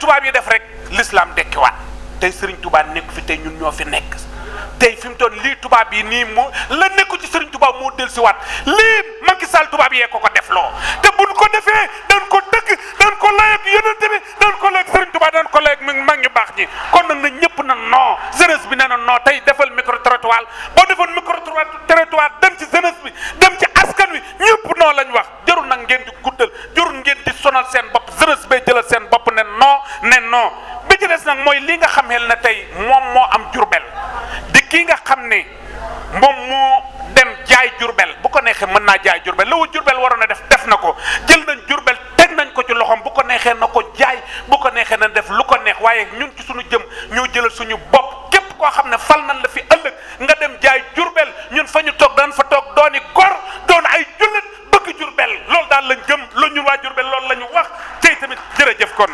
tubaab yi def rek lislaam dekkiwaat tey Serigne Touba nekk fi tey ñun ñoo fi nekk tey fi mu toon lii tubaab yi nii moo la nekku ci Serigne Touba moo dellusiwaat lii Macky Sall tubaab yee ko ko def loo te buñ ko defee dañ ko dëgg dañ ko lay ak yonent bi dañ ko lay ak Serigne Touba dañ ko lay ak mag ñu baax ñi kon nag na ñëpp na noo jeunesse bi nee na noo tey defal micro trottoir boo defoon micro trottoir dem ci jeunesse bi dem ci askan wi ñëpp noo lañ wax jarul nag ngeen di guddal jarul ngeen di sonal seen bopp jeunesse bi ne non bi ci des nag mooy li nga xameel na tey moom moo am jurbel di kii nga xam ne moom moo dem jaay jurbel bu ko neexee mën naa jaay jurbel la wu jurbel waroon a def def na ko jël nañ jurbel teg nañ ko ci loxoom bu ko neexee na ko jaay bu ko neexee na def lu ko neex waaye ñun ci suñu jëm ñoo jëlal suñu bopp képp koo xam ne fal nañ la fi ëllëg nga dem jaay jurbel ñun fa ñu toog daan fa toog dooni gor doon ay jullit loolu daal lañ gëm loolu ñun waa jurbel loolu la ñu wax tey tamit jërëjëf kon